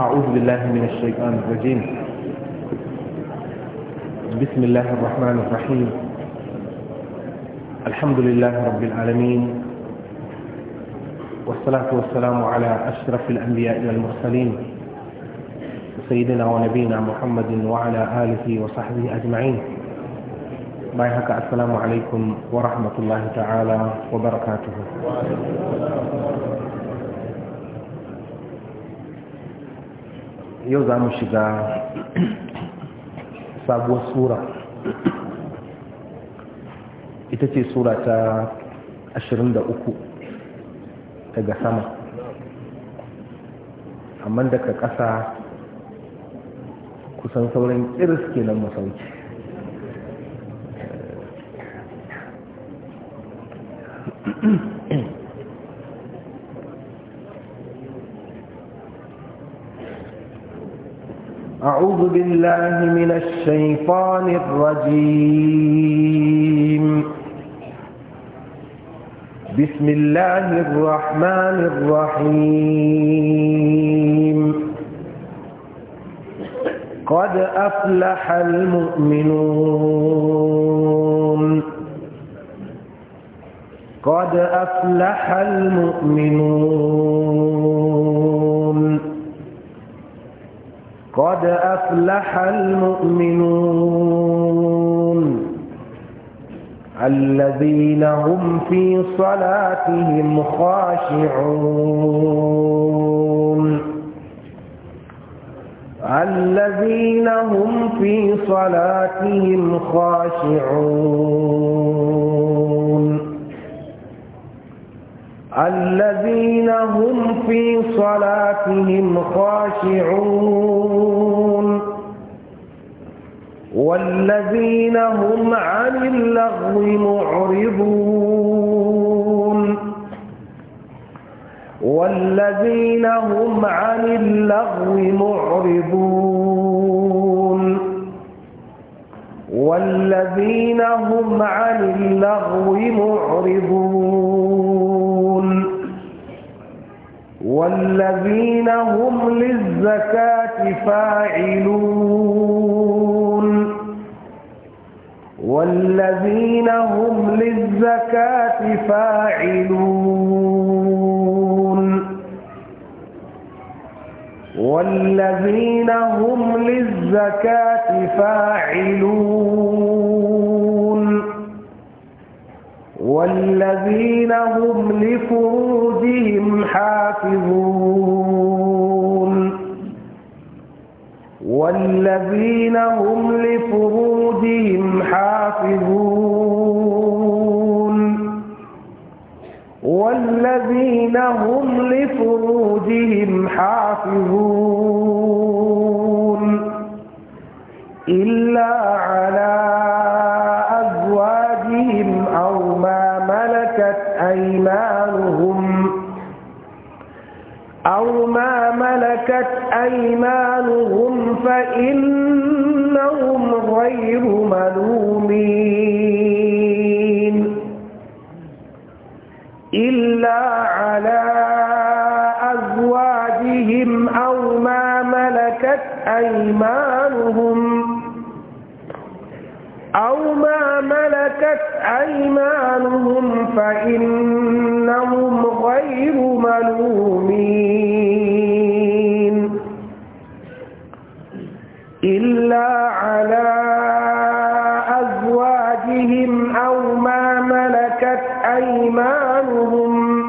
أعوذ بالله من الشيطان الرجيم بسم الله الرحمن الرحيم الحمد لله رب العالمين والصلاة والسلام على أشرف الأنبياء والمرسلين سيدنا ونبينا محمد وعلى آله وصحبه أجمعين بايهك السلام عليكم ورحمة الله تعالى وبركاته yau za mu shiga sabuwar sura ita ce sura ta 23 daga sama amma daga ƙasa kusan sauran iris kenan masauki أعوذ بالله من الشيطان الرجيم بسم الله الرحمن الرحيم قد أفلح المؤمنون قد أفلح المؤمنون قد أفلح المؤمنون الذين هم في صلاتهم خاشعون الذين هم في صلاتهم خاشعون الذين هم في صلاتهم خاشعون والذين هم عن اللغو معرضون والذين هم عن اللغو معرضون والذين هم عن اللغو معرضون والذين هم للزكاة فاعلون والذين هم للزكاة فاعلون والذين هم للزكاة فاعلون والذين هم لفروجهم حافظون والذين هم لفروجهم حافظون والذين هم لفروجهم حافظون إلا على أزواجهم أو أيمانهم أو ما ملكت أيمانهم فإنهم غير ملومين إلا على أزواجهم أو ما ملكت أيمانهم أو ما ملكت أيمانهم فإنهم غير ملومين إلا على أزواجهم أو ما ملكت أيمانهم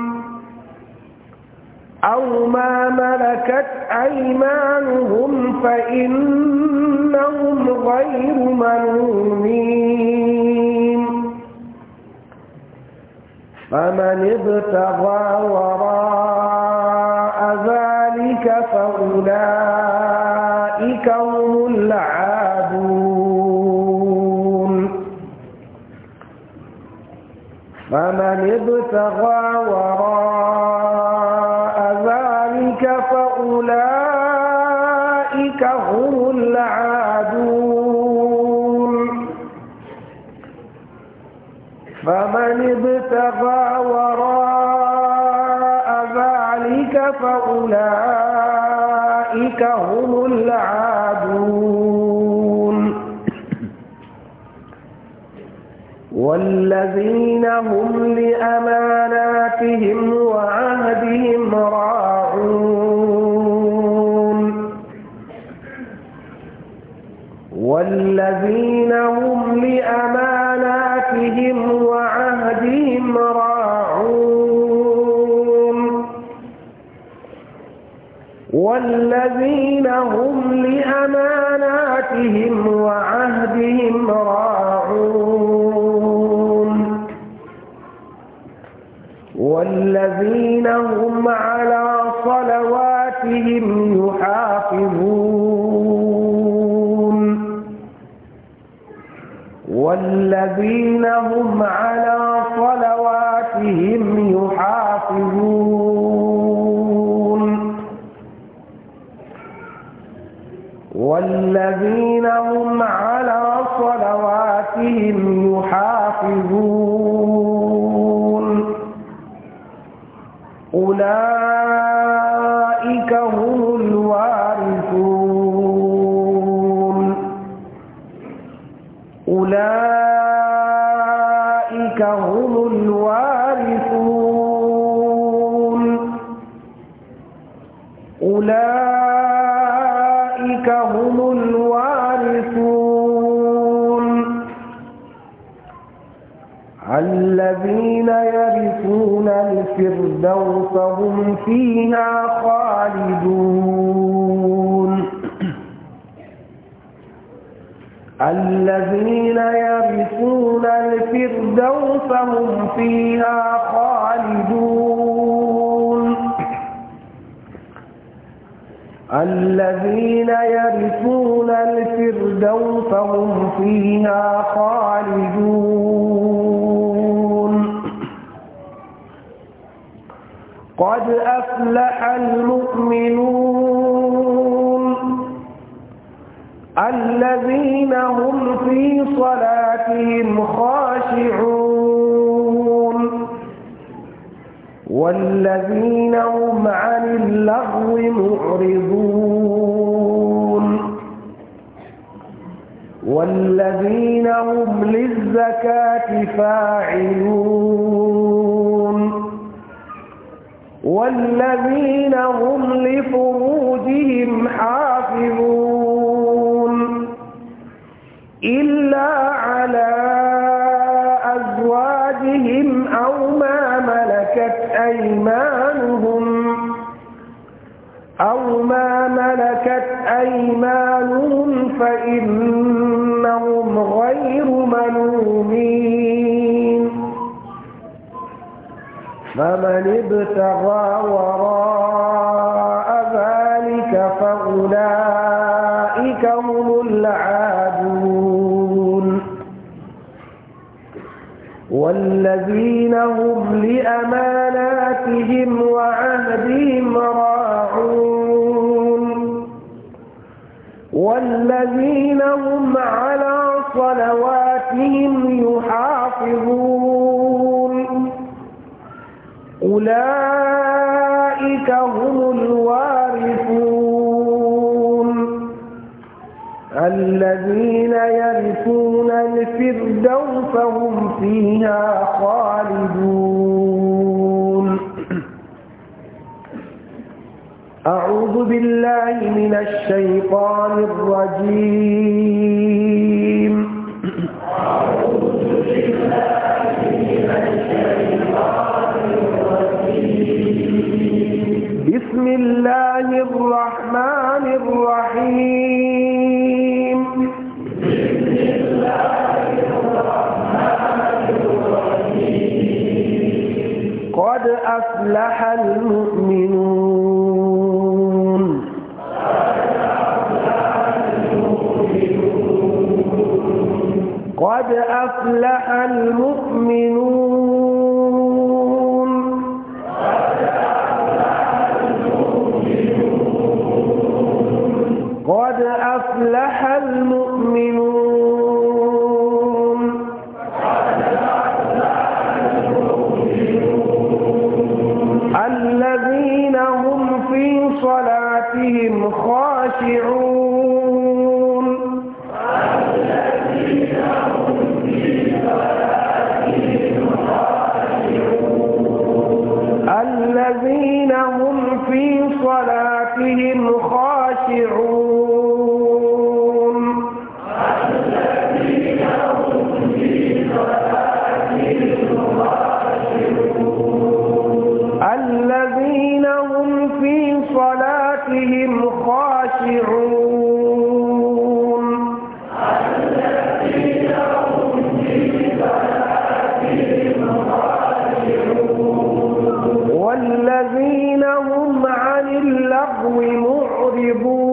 أو ما ملكت أيمانهم فإنهم غير ملومين فمن ابتغى وراء ذلك فأولئك هم العادون فمن ابتغى وراء ذلك فأولئك فمن ابتغى وراء ذلك فأولئك هم العادون والذين هم لأماناتهم وعهدهم راعون والذين هم لأماناتهم والذين هم على صلواتهم يحافظون والذين فهم فيها خالدون الذين يرثون الفردوس هم فيها خالدون قد أفلح المؤمنون الذين هم في صلاتهم خاشعون والذين هم عن اللغو معرضون والذين هم للزكاة فاعلون والذين هم لفروجهم حافظون إلا أيمانهم أو ما ملكت أيمانهم فإنهم غير ملومين فمن ابتغى وراء ذلك فأولئك هم العادون والذين هم لأماناتهم وعهدهم راعون والذين هم على صلواتهم يحافظون أولئك هم الذين يرثون الفردوس هم فيها خالدون أعوذ بالله من الشيطان الرجيم بسم الله الرحمن أفلح المؤمنون قد أفلح المؤمنون اللغو معرضون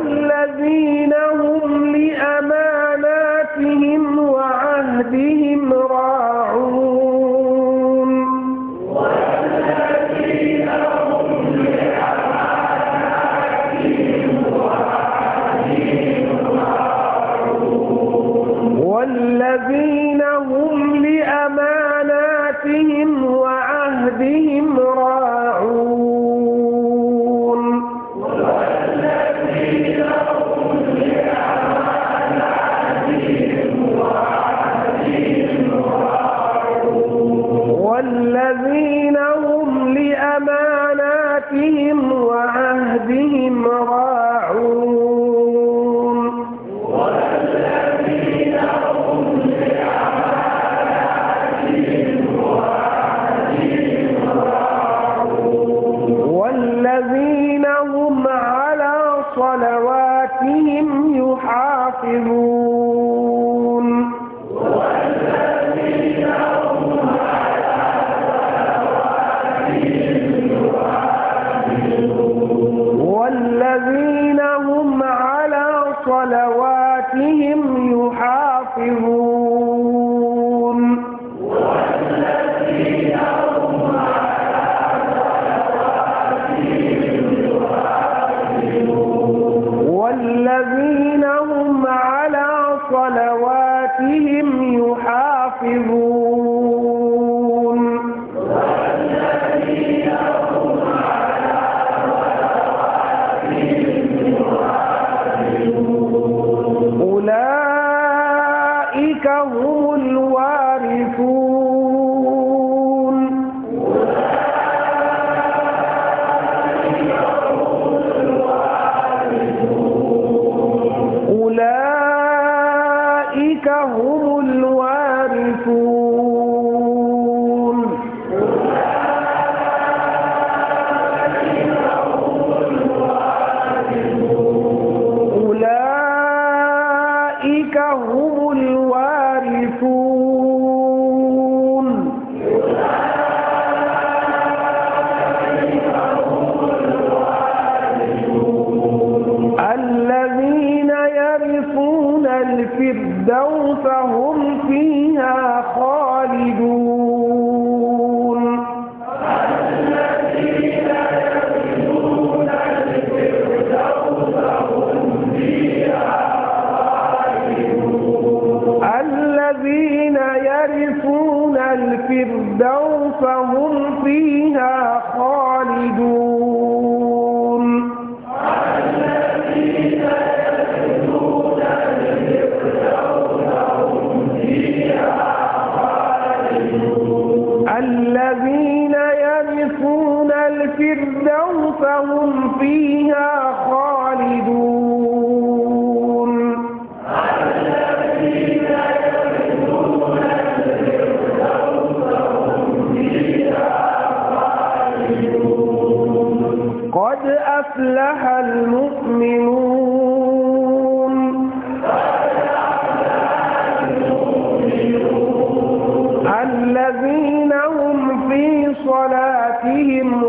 وأن لهم عليهم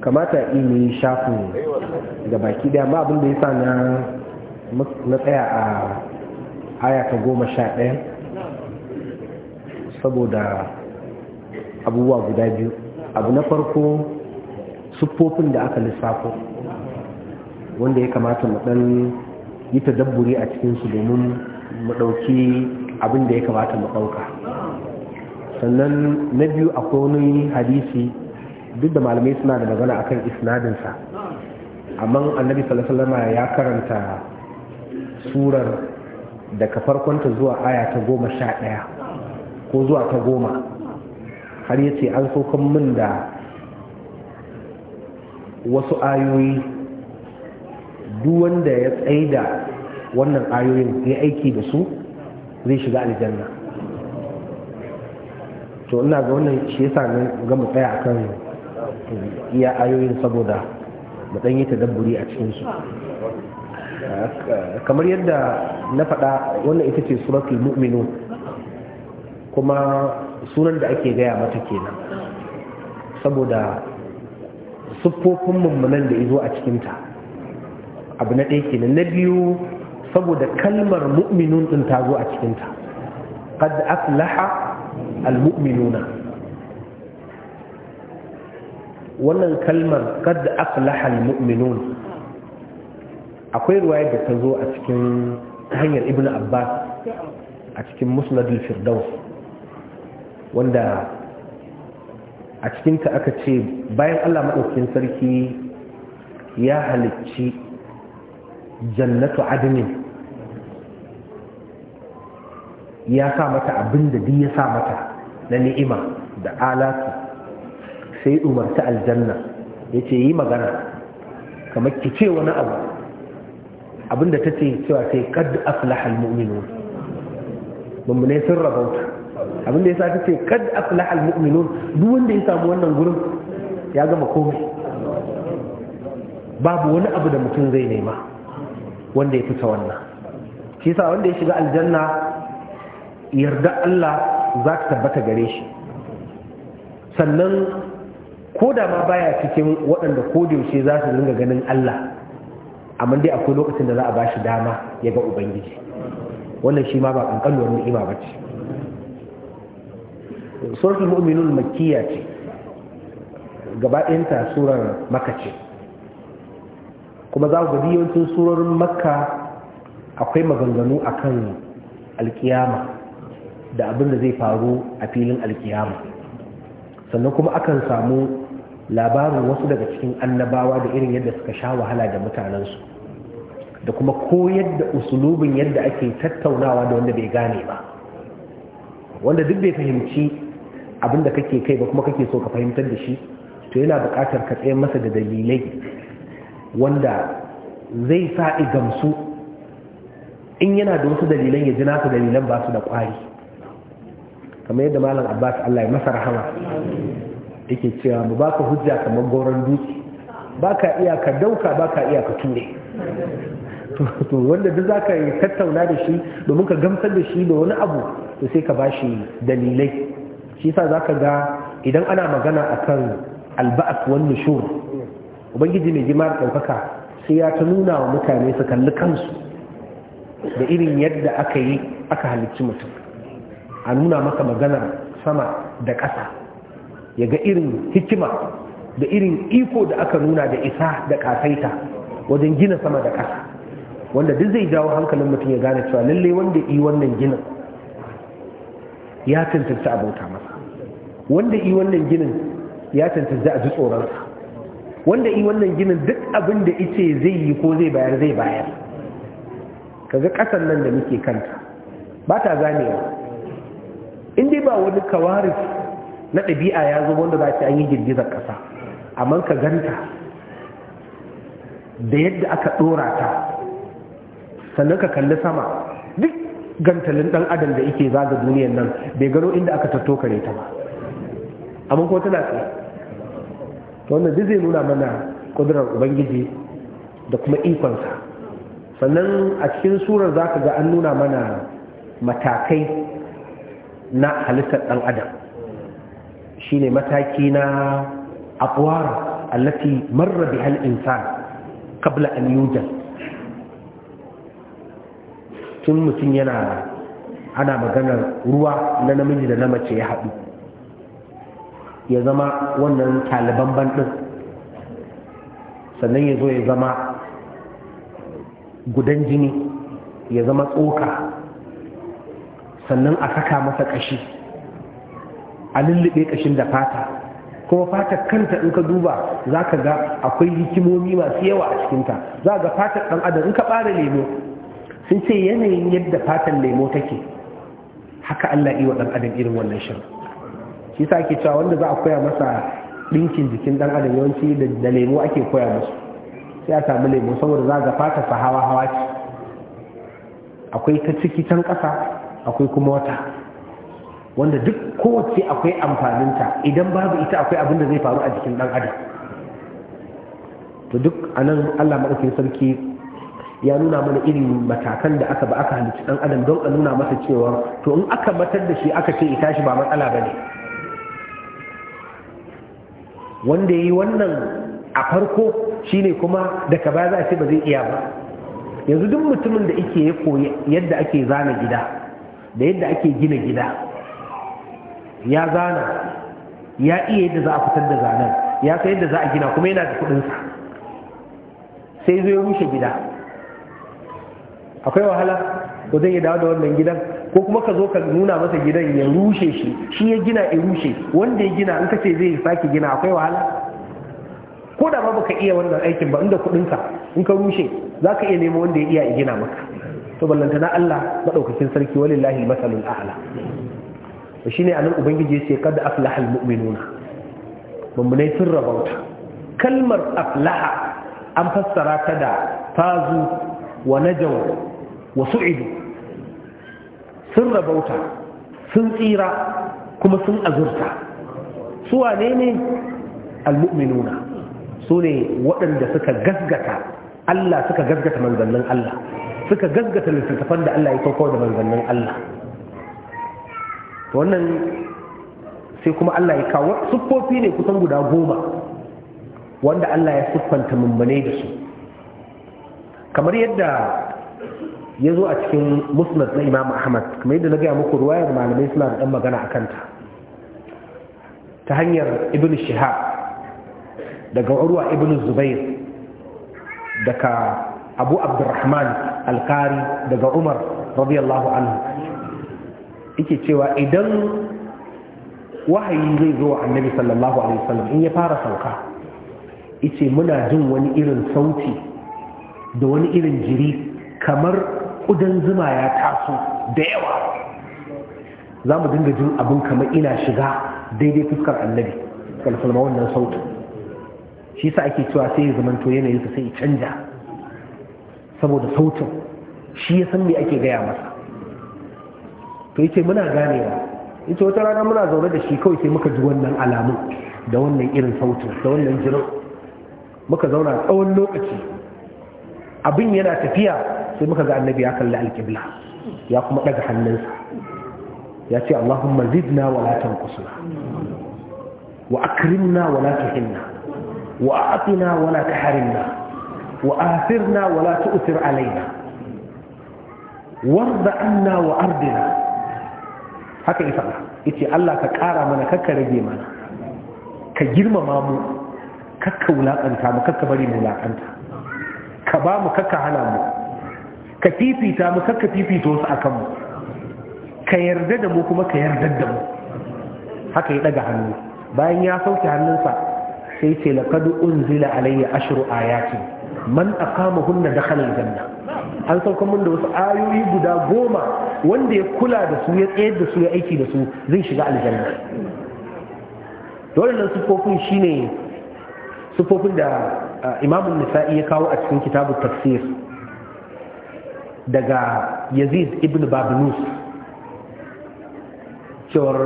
kamata yi shafin da baki daya ma abinda ya sa na tsaya a aya ta goma sha ɗaya saboda abubuwa guda biyu abu na farko siffofin da aka lissafo wanda ya kamata mu yi ta dabburi a cikinsu domin mu ɗauki abin ya kamata mu ɗauka sannan na biyu akwai wani hadisi duk da malamai suna da magana akan isnadinsa amma annabi sallallahu ya karanta surar daga farkonta zuwa aya ta goma sha ɗaya ko zuwa ta goma har yace an saukan min da wasu ayoyi duk wanda ya tsaida wannan ayoyin ya aiki da su zai shiga aljanna to ina ga wannan shi yasa nan ga mu tsaya akan iya ayoyin saboda matsayin yi tadabburi a cikinsu. kamar yadda na faɗa wannan ita ce suratul mu'minu kuma sunan da ake gaya mata kenan saboda siffofin mummunan da izo a cikinta abu na ɗaya kenan na biyu saboda kalmar mu'minun ɗin ta zo a cikinta qad aflaha al-mu'minuna wannan kalmar kad aflaha muminun akwai ruwaya da ta zo a cikin hanyar ibn abbas a cikin musnad firdaus wanda a cikinta aka ce bayan allah maɗaukin sarki ya halicci jannatu adinin ya sa mata abin da ya sa mata na ni'ima da alatu sai umarta aljanna ya ce yi magana kamar ki ce wani abu abinda ta ce cewa sai kad aflaha almu'minun mummune sun rabauta abinda ya sa ta ce kad aflaha almu'minun duk wanda ya samu wannan gurin ya gama komai babu wani abu da mutum zai nema wanda ya fita wannan shi sa wanda ya shiga aljanna yarda Allah za ta tabbata gare shi sannan ko da ma baya cikin waɗanda ko da yaushe za su dinga ganin Allah amma dai akwai lokacin da za a bashi dama ya ga ubangiji wannan shi ma ba kankanuwar ni'ima ba ce suratul mu'minun makkiya ce gaba ɗayanta surar makka ce kuma za ku ga yawancin surorin makka akwai maganganu akan alkiyama da abin da zai faru a filin alkiyama sannan kuma akan samu labarin wasu daga cikin annabawa da irin yadda suka sha wahala da mutanensu da kuma koyar da usulubin yadda ake tattaunawa da wanda bai gane ba wanda duk bai fahimci abin da kake kai ba kuma kake so ka fahimtar da shi to yana buƙatar ka tsaye masa da dalilai wanda zai sa gamsu in yana da wasu dalilan ya ji nasa dalilan ba su da ƙwari kamar yadda malam abbas allah ya masa rahama yake cewa mu baka hujja kamar goron dutse baka iya ka dauka baka iya ka ture to wanda duk zaka yi tattauna da shi domin ka gamsar da shi da wani abu to sai ka bashi dalilai shi yasa zaka ga idan ana magana akan alba'at wan nushur ubangiji mai jima'a daukaka sai ya ta nuna wa mutane su kalli kansu da irin yadda aka yi aka halicci mutum a nuna maka maganar sama da ƙasa ya ga irin hikima da irin iko da aka nuna da isa da kasaita wajen gina sama da ƙasa wanda duk zai jawo hankalin mutum ya gane cewa lallai wanda yi wannan ginin ya tantance abota masa wanda yi wannan ginin ya tantance a ji tsoronsa wanda yi wannan ginin duk abin da ice zai yi ko zai bayar zai bayar kaga ƙasan nan da muke kanta ba ta zamewa in dai ba wani kawaris na ɗabi'a ya zo wanda za ce an yi girgizar ƙasa amma ka ganta da yadda aka ɗora ta sannan ka kalli sama duk gantalin ɗan adam da yake zaga duniyar nan bai gano inda aka tatto kare ta ba amma ko tana tsaye to wannan duk zai nuna mana kudurar ubangiji da kuma ikonsa sannan a cikin surar za ka ga an nuna mana matakai na halittar ɗan adam Shi ne mataki na aqwar allati marra biha al-insan qabla an yujal tun mutum yana ana maganar ruwa na namiji da na mace ya haɗu ya zama wannan taliban banɗin sannan ya zo ya zama gudan jini ya zama tsoka sannan a saka masa ƙashi a lullube kashin da fata kuma fata kanta in ka duba za ka ga akwai hikimomi masu yawa a cikinta za ga fatar ɗan adam in ka ɓare lemo sun ce yanayin yadda fatar lemo take haka Allah iya wa ɗan adam irin wannan shirin shi sa ake cewa wanda za a koya masa ɗinkin jikin ɗan adam yawanci da lemo ake koya masu sai a samu lemo saboda za ga fata sa hawa hawa ce akwai ta ciki can ƙasa akwai kuma wata wanda duk kowace akwai amfaninta idan babu ita akwai abin da zai faru a jikin dan adam to duk anan Allah madaukakin sarki ya nuna mana irin matakan da aka ba aka halicci dan adam don a nuna masa cewa to in aka matar da shi aka ce ita shi ba matsala bane wanda yi wannan a farko shine kuma daga baya za a ce ba zai iya ba yanzu duk mutumin da yake ya koyi yadda ake zana gida da yadda ake gina gida ya zana ya iya yadda za a fitar da zanen ya san yadda za a gina kuma yana da kuɗinsa sai zo ya rushe gida akwai wahala ko zai ya dawo da wannan gidan ko kuma ka zo ka nuna masa gidan ya rushe shi shi ya gina ya rushe wanda ya gina in ka ce zai sake gina akwai wahala ko da ma baka iya wannan aikin ba inda kuɗinka in ka rushe za ka iya nemo wanda ya iya ya gina maka to ballantana Allah maɗaukakin sarki walillahi masalul a'la shine anan ubangiji yace kad aflahal mu'minuna mummunai sun rabauta kalmar aflaha an fassara ta da fazu wa najaw wa su'idu sun rabauta sun tsira kuma sun azurta su wanene ne almu'minuna su ne waɗanda suka gasgata Allah suka gasgata manzannin Allah suka gasgata littattafan da Allah ya kawo da manzannin Allah wannan sai kuma Allah ya kawo siffofi ne kusan guda goma wanda Allah ya siffanta mummune da su kamar yadda ya zo a cikin musnad na imam ahmad kamar yadda na gaya muku ruwayar malamai suna da ɗan magana a kanta ta hanyar ibn shihab daga urwa ibn zubair daga abu abdurrahman alkari daga umar radiyallahu anhu yake cewa idan wahayi zai zo wa annabi sallallahu alaihi wasallam in ya fara sauka ice muna jin wani irin sauti da wani irin jiri kamar kudan zuma ya taso da yawa za mu dinga jin abin kamar ina shiga daidai fuskar annabi sallallahu wannan sautin shi sa ake cewa sai ya zamanto yanayinsa sai ya canja saboda sautin shi ya san me ake gaya masa to yace muna ganewa yace wata rana muna zaune da shi kawai sai muka ji wannan alamun da wannan irin sautin da wannan jirin muka zauna tsawon lokaci abin yana tafiya sai muka ga annabi ya kalli alƙibla ya kuma ɗaga hannunsa ya ce Allahumma zidna wa la tanqusna wa akrimna wa la tuhinna wa a'tina wa la tahrimna wa athirna wa la tu'thir alaina warda anna wa ardina haka isa ce Allah ka ƙara mana kakka rage mana ka girmama mu kakka wulaƙanta mu kakka bari mu wulaƙanta ka ba mu kakka hana mu ka fifita mu kakka fifita wasu akan mu ka yarda da mu kuma ka yarda da mu haka ya daga hannu bayan ya sauke hannunsa sai ce laqad unzila alayya ashru ayati man aqama hunna dakhala aljanna an sauka mun da wasu ayoyi guda goma wanda ya kula da su ya tsayar da su ya aiki da su zai shiga aljanna dole nan sufofin shine sufofin da imamun nisa'i ya kawo a cikin kitabu tafsir daga yazid ibn babinus cewar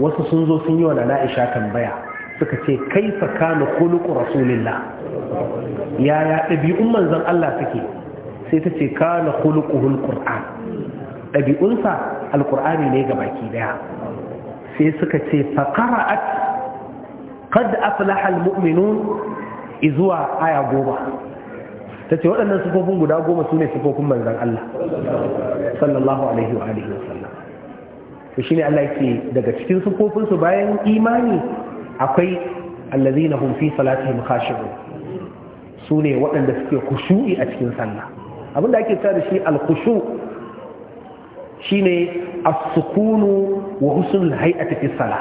wasu sun zo sun yi wa na'isha tambaya suka ce kai kana khuluqu rasulillah yaya ɗabi'un manzon Allah suke sai ta ce kana khuluquhul qur'an dabi'unsa alqur'ani ne ga baki daya sai suka ce fa qara'at qad aflaha almu'minun izuwa aya goma ta ce waɗannan sifofin guda goma sune sifofin manzan Allah sallallahu alaihi wa alihi wasallam to shine Allah yake daga cikin sifofin su bayan imani akwai allazina hum fi salatihim khashi'un su ne waɗanda suke kushu'i a cikin sallah abin da ake sa da shi alkushu ne a sukunu wa husnul a tafi sala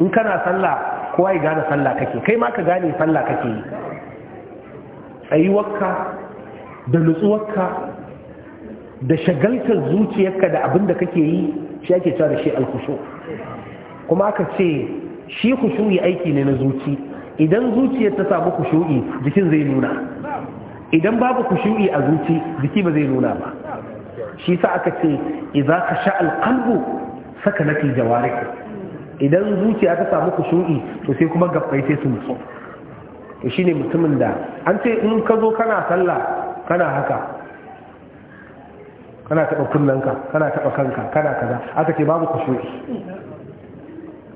in kana salla kowa ya gane sallah kake kai ma ka gane salla kake yi tsayuwarka da nutsuwarka da shagaltar zuciyarka da abin da kake yi shi ake cewa da shi alkushu kuma aka ce shi kushu'i aiki ne na zuci idan zuciyar ta samu kushu'i jikin zai nuna idan babu kushu'i a zuci jiki ba zai nuna ba shi sa aka ce idan ka sha alƙalbu saka nafi jawarik idan zuciya ta samu kushu'i to sai kuma gabbai sai su mutu, to shine mutumin da an ce in ka zo kana sallah kana haka kana taba kunnanka kana taba kanka kana kaza aka ce babu kushu'i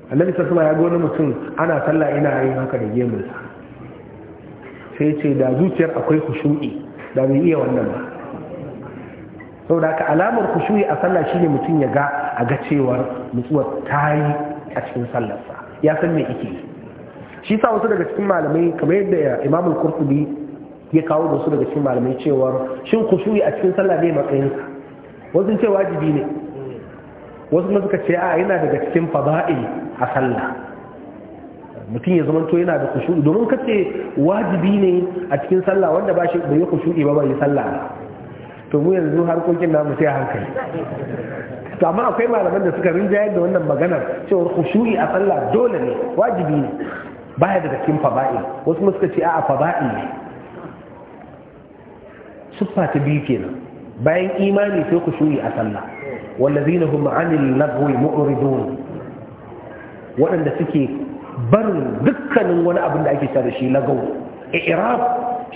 annabi sallallahu alaihi wasallam ya ga wani mutum ana sallah ina yin haka da gemunsa sai ce da zuciyar akwai khushu'i da bai iya wannan ba sau da alamar khushu'i a sallah shine mutum ya ga a ga cewar nutsuwar ta yi a cikin sallarsa ya san me ike shi sa wasu daga cikin malamai kamar yadda imamul kurkudi ya kawo da wasu daga cikin malamai cewar shin khushu'i a cikin sallah ne matsayinsa wasu ce wajibi ne wasu suka ce a yana daga cikin fada'il a sallah mutum ya zamanto yana da kushu'i domin kace wajibi ne a cikin sallah wanda ba shi bai kushuɗi ba bai sallah to mu yanzu harkokin namu sai hankali to amma akwai malaman da suka rinjayar da wannan maganar cewa kushu'i a sallah dole ne wajibi ne baya daga cikin faba'i wasu mu suka ce a'a ne suffa ta biyu kenan bayan imani sai kushu'i a sallah wallazina hum 'anil lagwi mu'ridun waɗanda suke barin dukkanin wani abin da ake tare shi lagau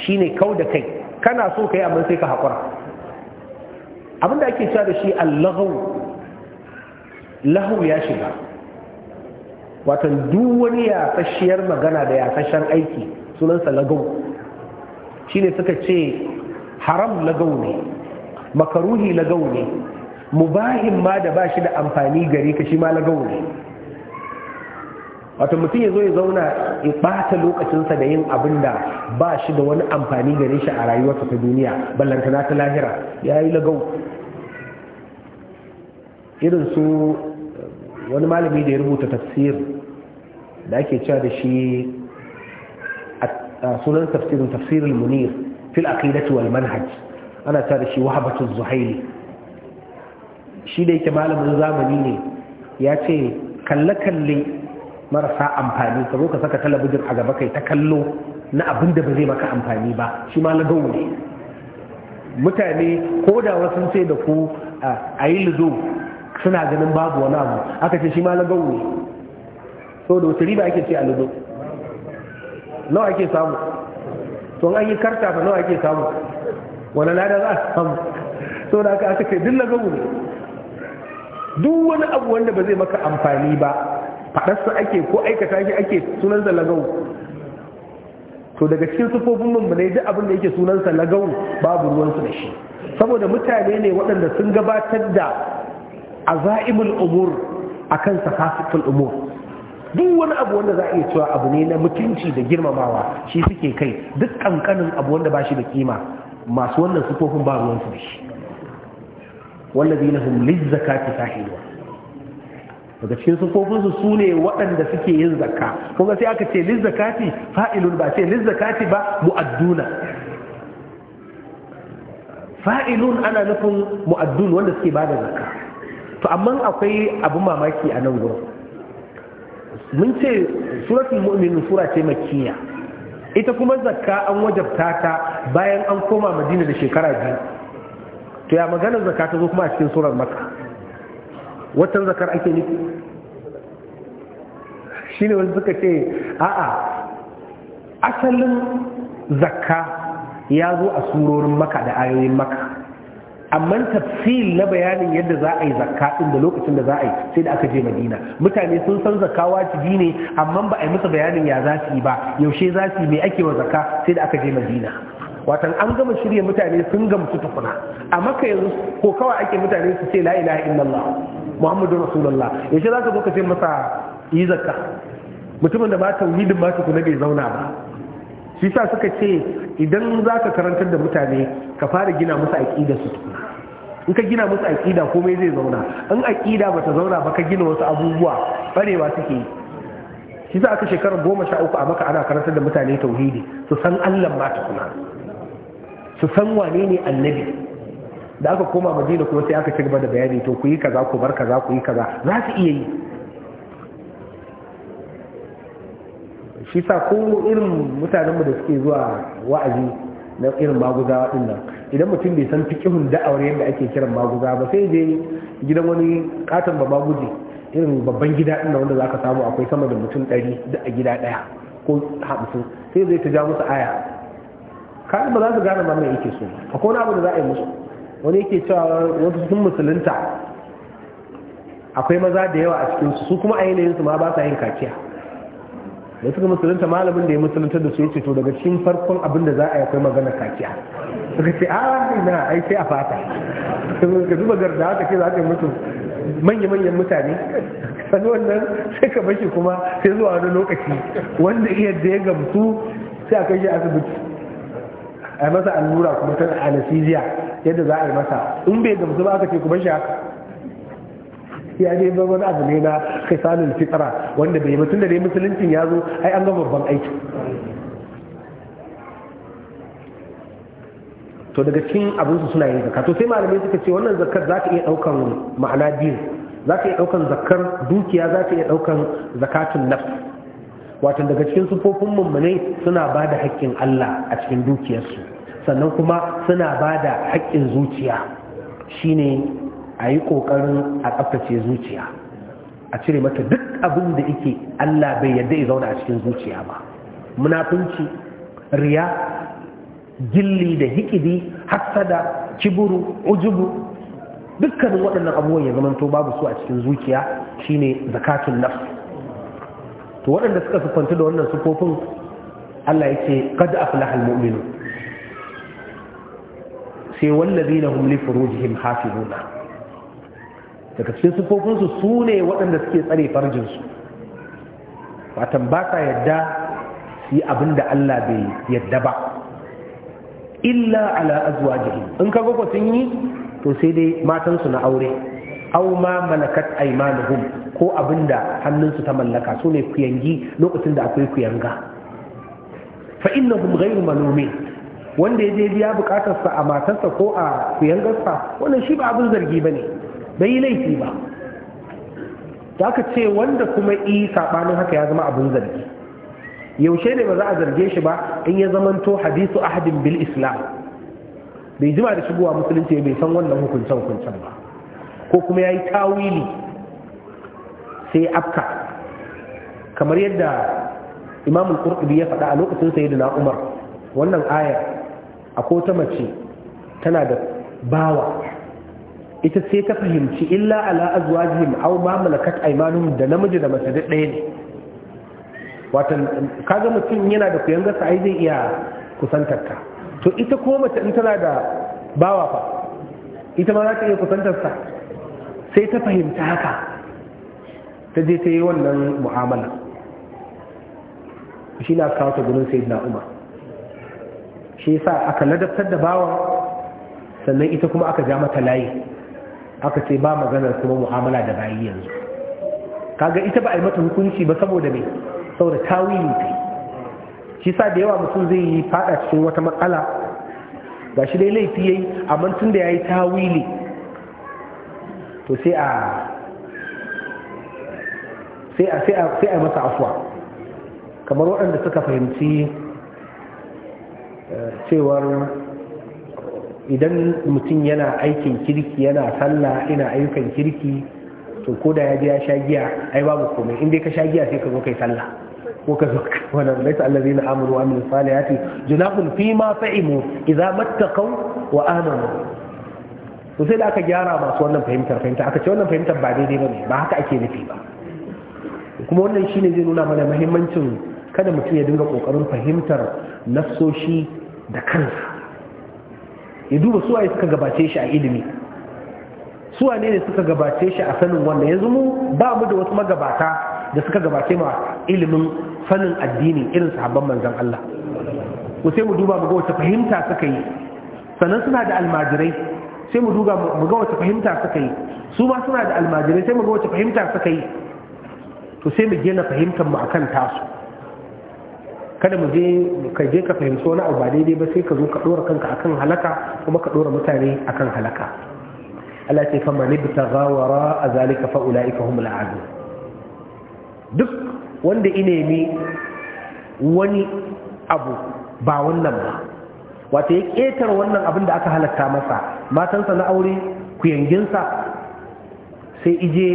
shi ne kau da kai kana so ka yi abin sai ka haƙura. abin da ake tare shi a lagau lahu ya shiga watan duwani wani yasasshiyar magana da ya yasasshen aiki sunansa lagau shi ne suka ce haram lagau ne makaruhi lagau ne mubahin ma da ba shi da amfani gari ka shi ma lagau ne wato mutum ya zo ya zauna ya ɓata lokacinsa da yin abin da ba shi da wani amfani gare shi a rayuwarsa ta duniya ballantana ta lahira ya yi lagau irin su eh, wani malami da ya rubuta tafsir da ake cewa da shi a sunan tafsirin tafsirin munir fil aqidatu wal manhaj ana cewa da shi wahabatu zuhaili shi da yake malamin zamani ne ya ce kalle-kalle marasa amfani ka zo ka saka talabijin a gaba kai ta kallo na abin da ba zai maka amfani ba shi ma na gauri mutane ko da wasu sai da ku a yi lido suna ganin babu wani abu aka ce shi ma na gauri so da wata riba ake ce a lido nawa ake samu to an yi karta fa nawa ake samu wani lada za a samu so da aka ce duk na gauri duk wani abu wanda ba zai maka amfani ba faɗarsa ake ko aikata shi ake sunansa lagau to daga cikin sufofin mummunai duk abin da yake sunansa lagau babu ruwansu da shi saboda mutane ne waɗanda sun gabatar da aza'imul umur akan safafitul umur duk wani abu wanda za a iya cewa abu ne na mutunci da girmamawa shi suke kai duk kankanin abu wanda ba shi da kima masu wannan sufofin ba ruwansu da shi wallazina hum lizzakati sahiwa daga cikin sufofinsu su ne waɗanda suke yin zakka kuma sai aka ce liz zakati fa'ilun ba ce liz zakati ba mu'adduna fa'ilun ana nufin mu'addun wanda suke bada zakka to amma akwai abin mamaki a nan gurin mun ce suratul mu'minin sura ce makkiya ita kuma zakka an wajabta ta bayan an koma madina da shekara biyu to ya magana zakka ta zo kuma a cikin surar makka watan zakar ake nufi shi ne wani suka ce a'a asalin zakka ya zo a surorin maka da ayoyin maka amma tafsil na bayanin yadda za a yi zakka din da lokacin da za a yi sai da aka je madina mutane sun san zakka wajibi ne amma ba a yi masa bayanin ya za su yi ba yaushe za su yi mai ake wa zakka sai da aka je madina watan an gama shirya mutane sun gamsu tukuna a maka yanzu ko kawai ake mutane su ce la ilaha illallah muhammadu rasulullah yaushe za ka zo ka ce masa yi zakka mutumin da ba tauhidin ba tukuna bai zauna ba shi sa suka ce idan za ka karantar da mutane ka fara gina musu aƙida su tukuna in ka gina musu aƙida komai zai zauna in aƙida ba ta zauna ba ka gina wasu abubuwa barewa suke yi shi za aka shekarar goma sha uku a maka ana karantar da mutane tauhidi su san allah ma tukuna su san wane ne annabi da aka koma madina kuma sai aka ci gaba da bayani to ku yi kaza ku bar kaza ku yi kaza za su iya yi shi sa ko irin mutanenmu da suke zuwa wa'azi na irin maguzawa din idan mutum bai san fikihun da'awar yadda ake kiran maguza ba sai je gidan wani katon ba maguji irin babban gida din wanda zaka samu akwai sama da mutum ɗari a gida daya ko hamsin sai zai ta ja musu aya ka ba za su gane ba mai yake so akwai wani abu da za a yi musu wani yake cewa wasu sun musulunta akwai maza da yawa a cikinsu su kuma ainihin su ma ba sa yin kaciya da suka musulunta malamin da ya musulunta da su ya ce to daga cikin farkon abin da za a yi akwai magana kaciya suka ce a ah, na ai sai a fata ka zuba garda haka ce za ka yi musu manya-manyan mutane sani wannan sai ka bashi kuma sai zuwa wani lokaci wanda iya da ya gamsu sai a kai shi asibiti a yi masa allura kuma ta anesthesia yadda za a yi masa in bai gamsu ba aka ce kuma shi haka ya ne ba wani abu ne na khisalul fitara wanda bai mutum da dai musuluncin ya zo ai an ga babban aiki to daga cikin su suna yin zakka to sai malamai suka ce wannan zakkar za ta iya ɗaukan ma'ana biyu za ta iya ɗaukan zakkar dukiya za ta iya ɗaukan zakatun nafs wato daga cikin sufofin mummunai suna ba da haƙƙin Allah a cikin dukiyarsu sannan kuma suna ba da haƙƙin zuciya shine a yi ƙoƙarin a tsaftace zuciya a cire mata duk abin da yake Allah bai yadda ya zauna a cikin zuciya ba munafunci riya gilli da hikidi hasada kiburu ujubu dukkanin waɗannan abubuwan ya zamanto babu su a cikin zuciya shine zakatun nafs to waɗanda suka sufanta da wannan sufofin Allah yake qad aflaha almu'minun sai wallazina hum li furujihim hafizuna daga cikin sufofin su ne waɗanda suke tsare farjin su watan ba sa yadda su yi abin da Allah bai yadda ba illa ala azwajihim in ka ga sun yi to sai dai matansu na aure aw ma malakat aymanuhum ko abinda hannunsu ta mallaka sune kuyangi lokacin da akwai kuyanga fa innahum ghayru malumin wanda ya je biya bukatarsa a matarsa ko a gaska, wannan shi ba abin zargi ba ne bai laifi ba da aka ce wanda kuma i saɓanin haka ya zama abin zargi yaushe ne ba za a zarge shi ba in ya zamanto hadisu ahadin bil islam bai jima da shigowa musulunci bai san wannan hukuncen hukuncen ba ko kuma ya yi tawili sai afka kamar yadda imamul qurtubi ya faɗa a lokacin sayyidina umar wannan ayar ko ta mace tana da bawa ita sai ta fahimci illa ala azwajihim aw ma malakat aymanuhum da namiji da mace da ɗaya ne watan kaga mutum yana da kuyangarsa ai zai iya kusantar ta to ita ko mace in tana da bawa fa ita ma za ta iya kusantar sa sai ta fahimta haka ta je ta yi wannan mu'amala shi na kawo ta gurin sayyidina umar shi sa aka ladabtar da bawan sannan ita kuma aka ja mata layi aka ce ba maganar kuma mu'amala da bayi yanzu kaga ita ba a yi mata hukunci ba saboda me saboda tawili ta shi sa da yawa mutum zai yi fada cikin wata matsala ga shi dai laifi yayi amma tun da yi tawili to sai a sai a sai a masa afuwa. kamar waɗanda suka fahimci cewar idan mutum yana aikin kirki yana sallah ina ayyukan kirki to ko da ya ji ya sha giya ai babu komai in dai ka sha giya sai ka zo kai sallah ko ka zo wannan laysa na amuru wa amilus salihati junahun fi ma fa'imu idza mattaqu wa amanu to sai da aka gyara masu wannan fahimtar fahimta aka ce wannan fahimtar ba daidai bane ba haka ake nufi ba kuma wannan shine zai nuna mana muhimmancin kada mutum ya dinga kokarin fahimtar nafsoshi da kansa ya duba suwaye suka gabace shi a ilimi suwane ne suka gabace shi a sanin wanda yanzu mu ba mu da wasu magabata da suka gabace ma ilimin sanin addini irin sahabban manzon Allah ko sai mu duba mu ga wata fahimta suka yi sannan suna da almajirai sai mu duba mu ga wata fahimta suka yi su ma suna da almajirai sai mu ga wata fahimta suka yi to sai mu gina fahimtar mu akan tasu kada mu je ka je ka fahimci wani abu ba daidai ba sai ka zo ka dora kanka akan halaka kuma ka dora mutane akan halaka Allah ce fa man ibtagha wara azalika fa ulaika humul aadu duk wanda inemi wani abu ba wannan ba wato ya ketar wannan abin da aka halatta masa matansa na aure ku sa, sai ije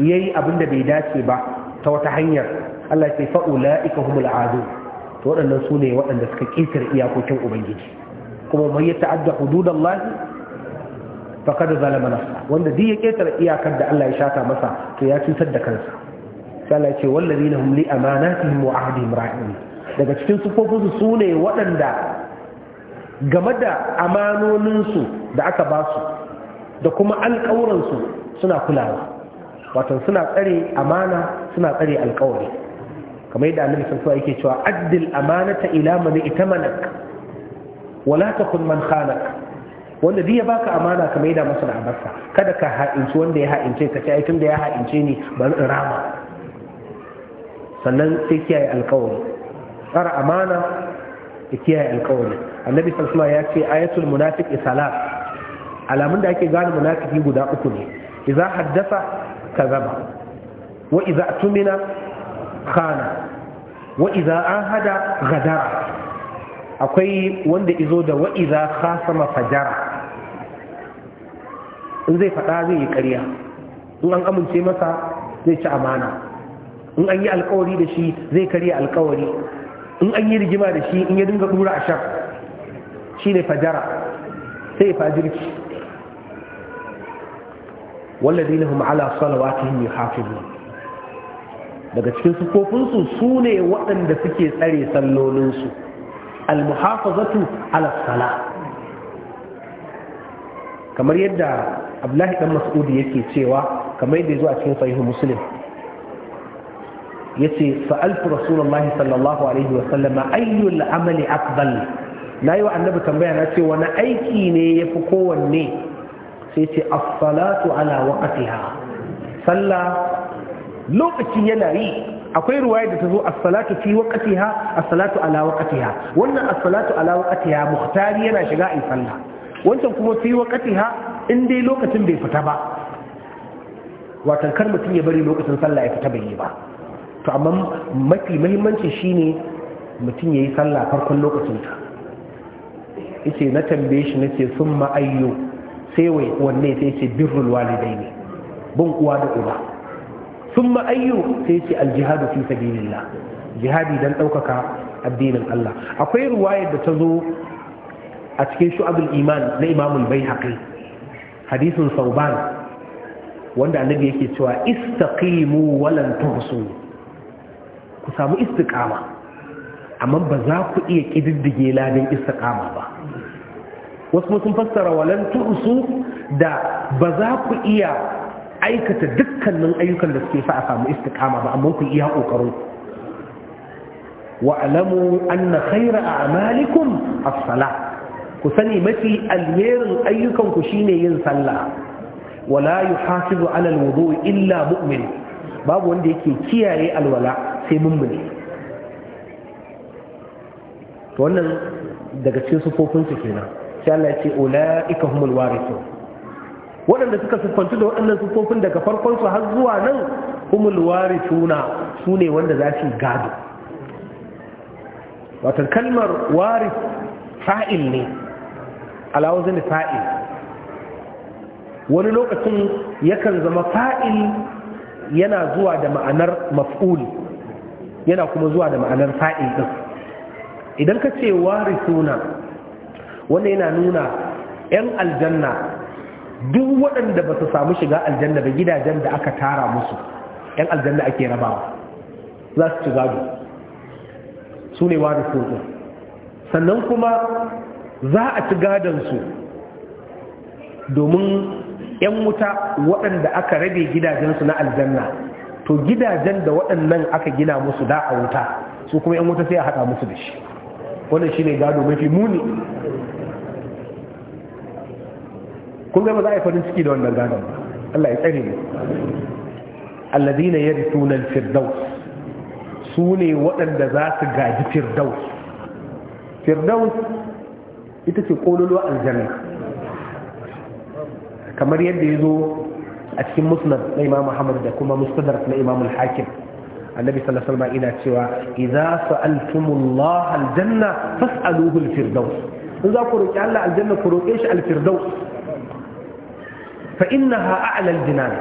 yayi abin da bai dace ba ta wata hanyar Allah ce fa ulaika humul aadu to waɗannan su ne waɗanda suka ƙetar iyakokin ubangiji kuma mai ya ta'adda hududan lahi faqad zalama nafsa wanda duk ya ƙetar iyakar da Allah ya shata masa to ya cutar da kansa sai Allah ya ce wallazina hum li amanatihim wa ahdihim ra'in daga cikin sufofin su ne waɗanda game da amanoninsu da aka ba su da kuma alƙawuransu suna kulawa wato suna tsare amana suna tsare alƙawari kamar yadda annabi sallallahu alaihi yake cewa addil amanata ila man itamanak wala takun man khanak wanda duk baka amana kamar yadda masa da kada ka ha'inci wanda ya ha'ince ka ce ai tunda ya ha'ince ni bari in rama sannan sai kiyaye alƙawari tsara amana ya kiyaye alƙawari. annabi sallallahu alaihi ya ce ayatul munafiq isalat alamun da ake gane munafiki guda uku ne idza haddasa kazaba wa idza tumina khana wa idza ahada gadara akwai wanda izo da wa idza khasama fajara in zai fada zai yi ƙarya in an amince masa zai ci amana in an yi alƙawari da shi zai karya alƙawari in an yi rigima da shi in ya dinga dura a shaf shi ne fajara sai fajirci والذين هم على صلواتهم يحافظون daga cikin sufofinsu su ne waɗanda suke tsare sallolinsu almuhafazatu ala sala kamar yadda abdullahi dan mas'udi yake cewa kamar yadda zuwa cikin sahihu muslim yace sa'altu rasulullahi sallallahu alaihi wa sallama ayyul amali aqbal nayi wa annabi tambaya na ce wani aiki ne yafi kowanne sai ce as-salatu ala waqtiha sallah lokaci yana yi akwai ruwaya da ta zo as-salatu fi waqtiha as-salatu ala waqtiha wannan as-salatu ala waqtiha muhtari yana shiga in sallah wancan kuma fi waqtiha in dai lokacin bai fita ba watan kar mutum ya bari lokacin sallah ya fita bai yi ba to amma mafi muhimmanci shine mutum yayi sallah farkon lokacin ta yace na tambaye shi nace summa ayyu sai wai wanne sai ce birrul walidaini bin uwa da uba sun ma'ayyu sai ce aljihadu fi sabilillah jihadi dan ɗaukaka addinin Allah akwai ruwaya da ta zo a cikin shu'abul iman na imamul bai haƙi hadisun sauban wanda annabi yake cewa istaqimu walan tuhsu ku samu istiqama amma ba za ku iya kididdige ladin istiqama ba wasu sun fassara walan tuhsu da ba za ku iya aikata dukkanin ayyukan da suke sa a samu istiqama ba amma ku iya kokarin wa alamu anna khayra a'malikum as-salah ku sani mafi alherin ayyukan ku shine yin sallah wala yuhasibu ala al-wudu illa mu'min babu wanda yake kiyaye alwala sai mummune to wannan daga cikin sufofin su kenan sai Allah ya ce ulaika humul warithun waɗanda suka siffantu da waɗannan siffofin daga farkonsu har zuwa nan humul warithuna su ne wanda za su gado Wata kalmar wari fa'il ne alawazin fa'il wani lokacin yakan zama fa'il yana zuwa da ma'anar maf'ul yana kuma zuwa da ma'anar fa'il ɗin idan ka ce warithuna wanda yana nuna 'yan aljanna duk waɗanda ba su samu shiga aljanna ba gidajen da aka tara musu ‘yan aljanna ake rabawa za su ci gado su ne wa da sannan kuma za a ci gadonsu domin ‘yan wuta waɗanda aka rabe gidajensu na aljanna to gidajen da waɗannan aka gina musu da a wuta su kuma ‘yan wuta sai a haɗa musu da shi wannan shi ne gado mafi muni kun gama za a yi farin ciki da wannan gadon Allah ya tsare ne alladina yarithuna al-firdaus su waɗanda za su gaji firdaus firdaus ita ce kololuwa aljanna kamar yadda ya zo a cikin musnad na imam Muhammad da kuma mustadrak na imam al-hakim annabi sallallahu alaihi wasallam ina cewa idza sa'altumullah aljanna fas'aluhu al-firdaus in za ku roki Allah aljanna ku roke shi al-firdaus fa innaha a'lal jinan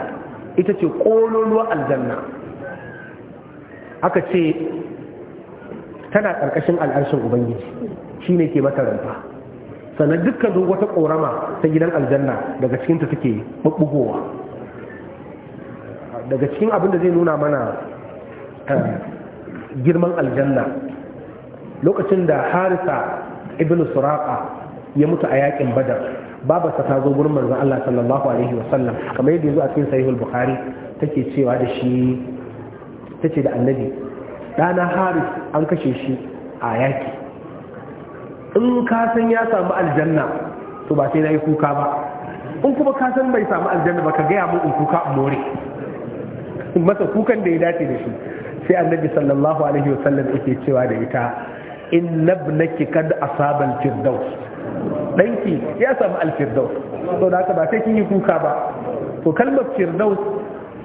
ita ce kololuwa aljanna aka ce tana karkashin al'arshin ubangiji shine ke mata rumfa sannan dukkan wata korama ta gidan aljanna daga cikin ta take bubbugowa daga cikin abin da zai nuna mana eh, girman aljanna lokacin da harisa ibn suraka ya mutu a yakin badar babarsa ta zo gurin manzon Allah sallallahu alaihi wasallam kamar yadda yanzu a cikin sahihul bukhari take cewa da shi tace da annabi dana haris an kashe shi a yaki in ka san ya samu aljanna to ba sai nayi kuka ba in kuma ka san bai samu aljanna ba ka gaya mu in kuka in more masa kukan da ya dace da shi sai annabi sallallahu alaihi wasallam yake cewa da ita in nabnaki kad asabal firdaus Ɗanki ya samu alfirdaus to da haka ba sai kin yi kuka ba to kalmar firdaus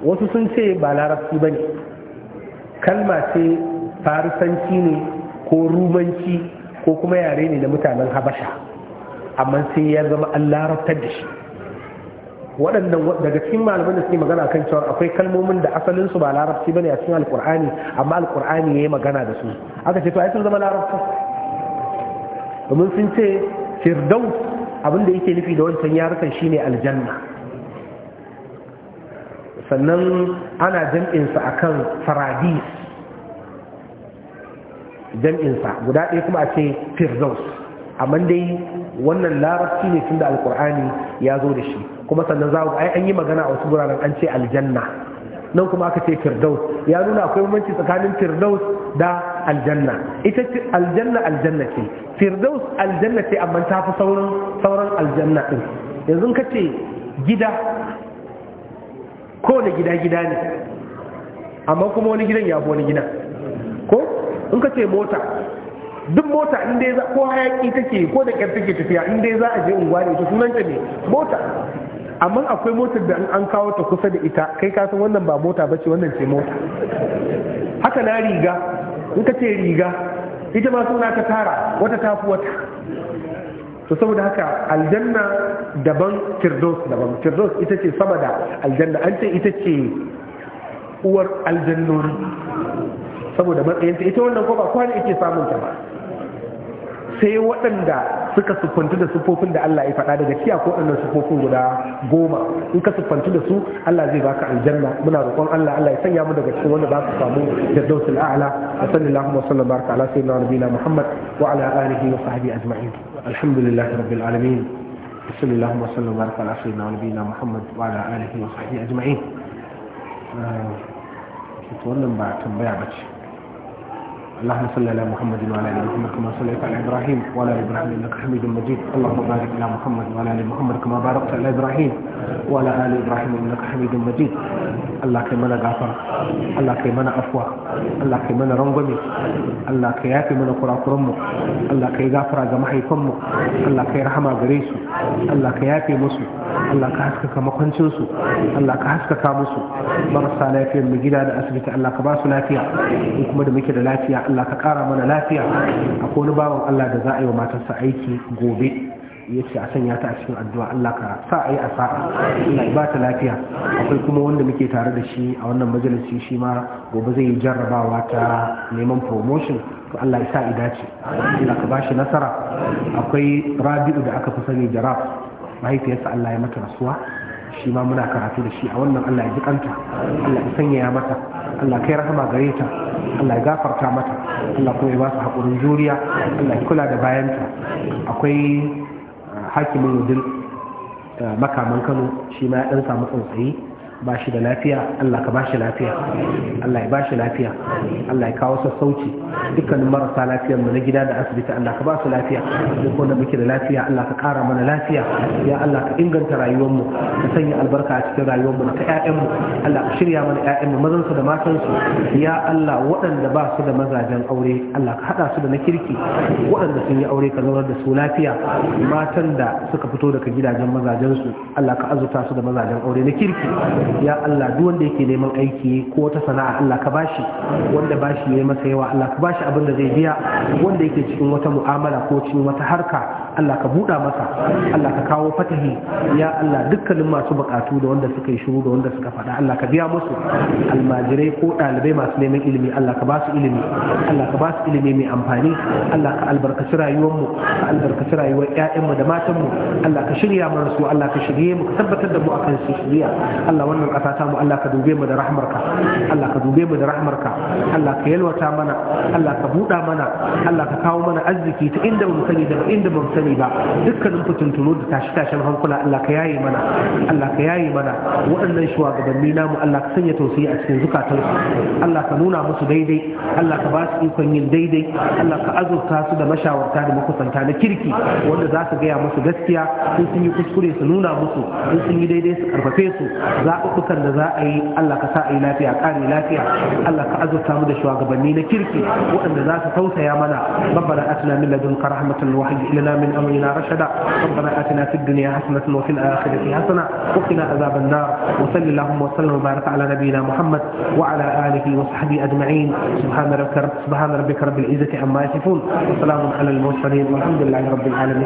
wasu sun ce ba larabci ba ne. kalma ce farisanci ne ko rumanci ko kuma yare ne na mutanen habasha amma sai ya zama an larabtar da shi waɗannan daga cikin malaman da suke magana kan cewa akwai kalmomin da asalin su ba larabci bane a cikin alkur'ani amma alkur'ani yi magana da su aka ce to ai sun zama larabci domin sun ce firdaus abinda yake nufi da wancan yarukan shine aljanna sannan ana jam'insa akan faradis jam'insa guda ɗaya kuma a ce firdaus amma dai wannan larabci ne tun da alkur'ani ya zo da shi kuma sannan za ai an yi magana a wasu guraren an ce aljanna nan kuma aka ce firdaus ya nuna akwai mamanci tsakanin firdaus da aljanna ita ce aljanna aljanna ce firdaus aljanna ce amma ta fi sauran sauran aljanna din yanzu ka ce gida ko da gida gida ne amma kuma wani gidan ya fi wani gida ko in ka ce mota duk mota in dai za ko hayaki take ko da kyar take tafiya in dai za a je unguwa ne to sunanta ne mota amma akwai motar da an kawo ta kusa da ita kai kasan wannan ba mota bace wannan ce mota haka na riga in ka ce riga ita ma suna ta tara wata tafi wata to saboda haka aljanna daban kirdos daban kirdos ita ce sama da aljanna an ce ita ce uwar aljannori saboda matsayinta ita wannan ko ba kwana ake samun ta ba sai waɗanda suka siffantu da siffofin da Allah ya faɗa daga ciya ko waɗannan siffofin guda goma in ka siffantu da su Allah zai baka aljanna muna roƙon Allah Allah ya sanya mu daga cikin wanda za su samu da dausul a'la wa sallallahu wa sallam baraka ala sayyidina nabiyina Muhammad wa ala alihi wa sahbihi ajma'in alhamdulillahi rabbil alamin صلى الله وسلم sayyidina nabiyina muhammad wa ala alihi wa sahbihi ajma'in ah, wannan ba tambaya bace اللهم صل على محمد وعلى ال محمد كما صليت على ابراهيم وعلى ال ابراهيم انك حميد مجيد اللهم بارك على محمد وعلى ال محمد كما باركت على ابراهيم وعلى ال ابراهيم انك حميد مجيد الله كي منا غفر الله كي منا عفو الله كي منا رنغمي الله كي يافي منا كراكرم الله كي غفر ga mahaifan mu Allah kai rahama gare su Allah ka yafe musu Allah ka haskaka makwancin su Allah ka haskaka musu marasa lafiyar mu gida da asibiti Allah ka ba su lafiya kuma da muke da lafiya Allah ka kara mana lafiya akwai wani bawan Allah da za a yi wa matarsa aiki gobe ya ce a sanya ta a cikin addu'a Allah ka sa a yi a sa'a Allah ba ta lafiya akwai kuma wanda muke tare da shi a wannan majalisi shi ma gobe zai yi jarrabawa ta neman promotion ko Allah ya sa i dace Allah ka bashi nasara akwai rabi'u da aka fi sani da mahaifiyarsa Allah ya mata rasuwa shi ma muna karatu da shi a wannan Allah ya ji kanta Allah ya sanyaya mata Allah kai rahama gare ta Allah ya gafarta mata Allah kuma ya ba su haƙurin juriya Allah ya kula da bayanta akwai ah, hakimin rudin ah, makaman Kano shi ma ya ɗan samu tsantsayi ba shi da lafiya Allah ka ba shi lafiya Allah ya ba shi lafiya Allah ya kawo sassauci dukkanin marasa lafiyar mu na gida da asibiti Allah ka ba su lafiya duk wanda muke da lafiya Allah ka ƙara mana lafiya ya Allah ka inganta rayuwar mu ka sanya albarka a cikin rayuwar mu ta ƴaƴan mu Allah ka shirya mana ƴaƴan mu mazan su da matan su ya Allah waɗanda ba su da mazajen aure Allah ka hada su da na kirki waɗanda sun yi aure ka zaurar da su lafiya matan da suka fito daga gidajen mazajen su Allah ka azurta su da mazajen aure na kirki ya Allah duk wanda yake neman aiki ko wata sana'a Allah ka bashi wanda bashi yayi masa yawa Allah ka bashi abin da zai biya wanda yake cikin wata mu'amala ko cikin wata harka Allah ka buɗa masa Allah ka kawo fatahi ya Allah dukkanin masu bukatu da wanda suka yi shiru da wanda suka faɗa Allah ka biya musu almajirai ko ɗalibai masu neman ilimi Allah ka basu ilimi Allah ka basu ilimi mai amfani Allah ka albarkaci rayuwarmu ka albarkaci rayuwar ƴaƴanmu da matanmu Allah ka shirya mana su Allah ka shirye mu ka tabbatar da mu akan su shirya Allah wannan kasa ta mu Allah ka dube mu da rahmarka Allah ka dube mu da rahmarka Allah ka yalwata mana Allah ka buɗa mana Allah ka kawo mana arziki ta inda ba mu sani da inda ba mu sani ba dukkanin fitintunu da tashi tashin hankula Allah ka yaye mana Allah ka yaye mana waɗannan shugabanni namu Allah ka sanya tausayi a cikin zukatansu Allah ka nuna musu daidai Allah ka ba su ikon yin daidai Allah ka azurta su da mashawarta da makusanta na kirki wanda za su gaya musu gaskiya sun yi kuskure su nuna musu sun yi daidai su karfafe su a zaɓuɓɓukan da za a yi Allah ka sa a yi lafiya ƙari lafiya Allah ka azurta mu da shugabanni na kirki waɗanda za su tausaya mana rabbana atina min ladunka rahmatan wa hayyi lana min amrina rashada rabbana atina fid dunya hasanatan wa fil akhirati hasana wa qina azaban nar wa sallallahu wa sallam wa baraka ala nabiyyina muhammad wa ala alihi wa sahbihi ajma'in subhana rabbika rabbil izzati amma yasifun wa salamun ala al mursalin walhamdulillahi rabbil alamin